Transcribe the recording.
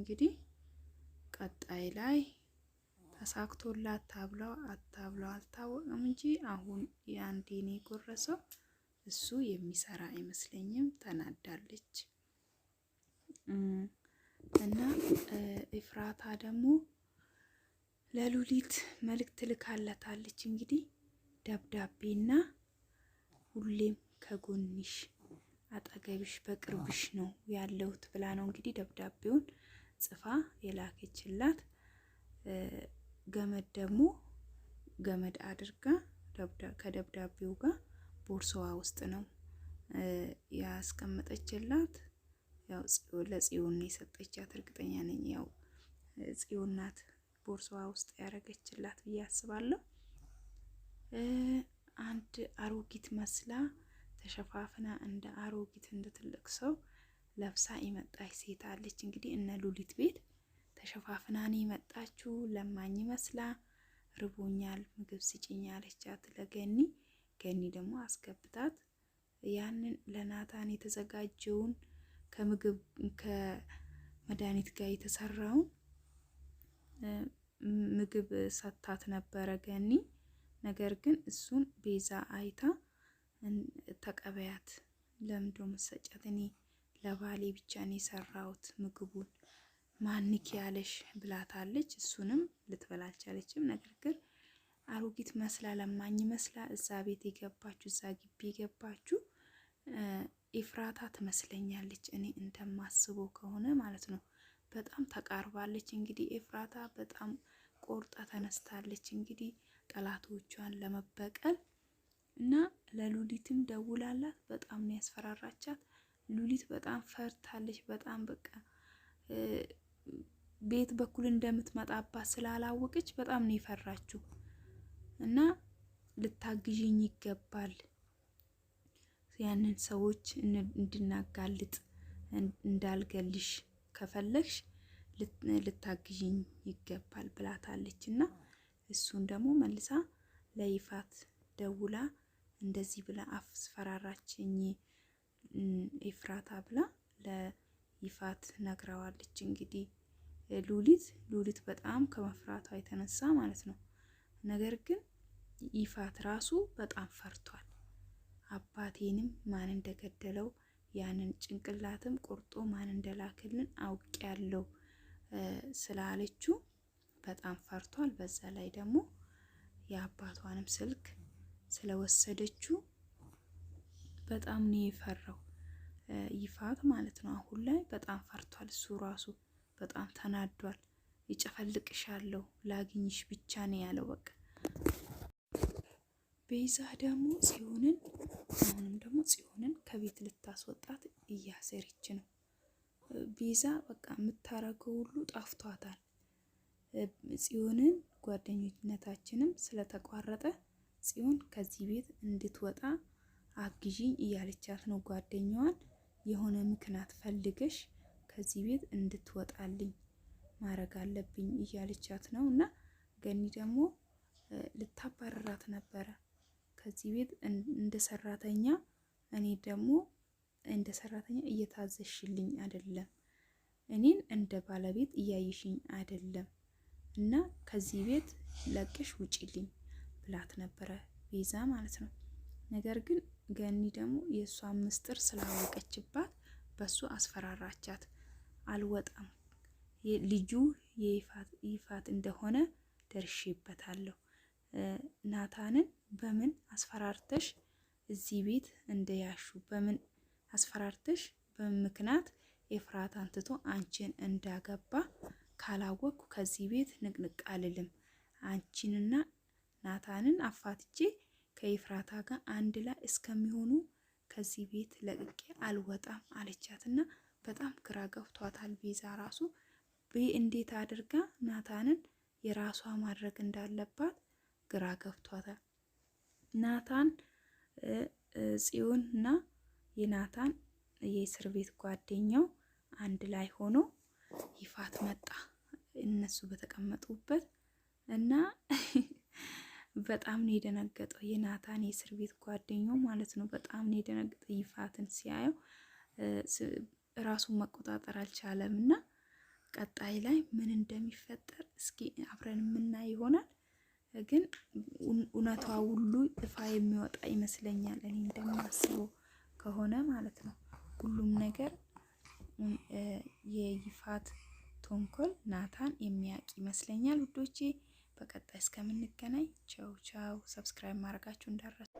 እንግዲህ ቀጣይ ላይ ተሳክቶላት ታብላው አታብላው አልታወቅም እንጂ አሁን የአንዴን የጎረሰው እሱ የሚሰራ አይመስለኝም። ተናዳለች እና ኢፍራታ ደግሞ ለሉሊት መልእክት ልካለታለች። እንግዲህ ደብዳቤና ሁሌም ከጎንሽ አጠገብሽ በቅርብሽ ነው ያለሁት ብላ ነው እንግዲህ ደብዳቤውን ጽፋ የላከችላት ገመድ ደግሞ ገመድ አድርጋ ከደብዳቤው ጋር ቦርሳዋ ውስጥ ነው ያስቀመጠችላት። ያው ለጽዮን የሰጠቻት እርግጠኛ ነኝ። ያው ጽዮን ናት ቦርሳዋ ውስጥ ያደረገችላት ብዬ አስባለሁ። አንድ አሮጊት መስላ ተሸፋፍና እንደ አሮጊት እንደ ትልቅ ሰው ለብሳ የመጣች ሴት አለች። እንግዲህ እነ ሉሊት ቤት ተሸፋፍናን የመጣችው ለማኝ መስላ ርቦኛል ምግብ ስጭኝ አለቻት ለገኒ። ገኒ ደግሞ አስገብታት ያንን ለናታን የተዘጋጀውን ከምግብ ከመድኃኒት ጋር የተሰራውን ምግብ ሰታት ነበረ ገኒ። ነገር ግን እሱን ቤዛ አይታ ተቀበያት ለምዶ መሰጨት እኔ ለባሌ ብቻ ነው የሰራሁት ምግቡን ማንኪ ያለሽ ብላታለች። እሱንም ልትበላ አልቻለችም። ነገር ግን አሮጊት መስላ ለማኝ መስላ እዛ ቤት የገባችሁ እዛ ግቢ የገባችሁ ኤፍራታ ትመስለኛለች፣ እኔ እንደማስበው ከሆነ ማለት ነው። በጣም ተቃርባለች። እንግዲህ ኤፍራታ በጣም ቆርጣ ተነስታለች። እንግዲህ ጠላቶቿን ለመበቀል እና ለሉሊትም ደውላላት በጣም ነው ያስፈራራቻት። ሉሊት በጣም ፈርታለች። በጣም በቃ ቤት በኩል እንደምትመጣባት ስላላወቀች በጣም ነው የፈራችው እና ልታግዥኝ ይገባል ያንን ሰዎች እንድናጋልጥ እንዳልገልሽ ከፈለግሽ ልታግዥኝ ይገባል ብላታለች እና እሱን ደግሞ መልሳ ለይፋት ደውላ እንደዚህ ብላ አስፈራራችኝ ኤፍራታ ብላ ለይፋት ነግረዋለች። እንግዲህ ሉሊት ሉሊት በጣም ከመፍራቷ የተነሳ ማለት ነው። ነገር ግን ይፋት ራሱ በጣም ፈርቷል። አባቴንም ማን እንደገደለው ያንን ጭንቅላትም ቆርጦ ማን እንደላክልን አውቅ ያለው ስላለችው በጣም ፈርቷል። በዛ ላይ ደግሞ የአባቷንም ስልክ ስለወሰደችው በጣም ነው የፈራው ይፋት ማለት ነው። አሁን ላይ በጣም ፈርቷል። እሱ ራሱ በጣም ተናዷል። ይጨፈልቅሻለሁ ላግኝሽ ብቻ ነው ያለው። በቃ ቤዛ ደግሞ ጽዮንን አሁንም ደግሞ ጽዮንን ከቤት ልታስወጣት እያሰረች ነው። ቤዛ በቃ የምታረገው ሁሉ ጣፍቷታል። ጽዮንን ጓደኝነታችንም ስለተቋረጠ ጽዮን ከዚህ ቤት እንድትወጣ አግዥኝ እያለቻት ነው ጓደኛዋን። የሆነ ምክንያት ፈልገሽ ከዚህ ቤት እንድትወጣልኝ ማድረግ አለብኝ እያለቻት ነው እና ገኒ ደግሞ ልታባረራት ነበረ ከዚህ ቤት እንደ ሰራተኛ እኔ ደግሞ እንደ ሰራተኛ እየታዘሽልኝ አይደለም፣ እኔን እንደ ባለቤት እያየሽኝ አይደለም እና ከዚህ ቤት ለቅሽ ውጪልኝ ብላት ነበረ ቤዛ ማለት ነው። ነገር ግን ገኒ ደግሞ የእሷ ምስጢር ስላወቀችባት በሱ አስፈራራቻት። አልወጣም ልጁ ይፋት እንደሆነ ደርሼበታለሁ። ናታንን በምን አስፈራርተሽ እዚህ ቤት እንደያሹ በምን አስፈራርተሽ በምን ምክንያት ኤፍራት አንትቶ አንቺን እንዳገባ ካላወቅኩ ከዚህ ቤት ንቅንቅ አልልም። አንቺንና ናታንን አፋትቼ ከኤፍራታ ጋር አንድ ላይ እስከሚሆኑ ከዚህ ቤት ለቅቄ አልወጣም አለቻት እና በጣም ግራ ገብቷታል። ቤዛ ራሱ እንዴት አድርጋ ናታንን የራሷ ማድረግ እንዳለባት ግራ ገብቷታል። ናታን ጽዮን እና የናታን የእስር ቤት ጓደኛው አንድ ላይ ሆኖ ይፋት መጣ እነሱ በተቀመጡበት እና በጣም ነው የደነገጠው። የናታን የእስር ቤት ጓደኛው ማለት ነው። በጣም ነው የደነገጠው ይፋትን ሲያየው ራሱን መቆጣጠር አልቻለም። እና ቀጣይ ላይ ምን እንደሚፈጠር እስኪ አብረን የምናይ ይሆናል። ግን እውነቷ ሁሉ ይፋ የሚወጣ ይመስለኛል። እኔ እንደማስበው ከሆነ ማለት ነው ሁሉም ነገር የይፋት ተንኮል ናታን የሚያውቅ ይመስለኛል ውዶቼ። በቀጣይ እስከምንገናኝ ቻው ቻው። ሰብስክራይብ ማድረጋችሁ እንዳረሱ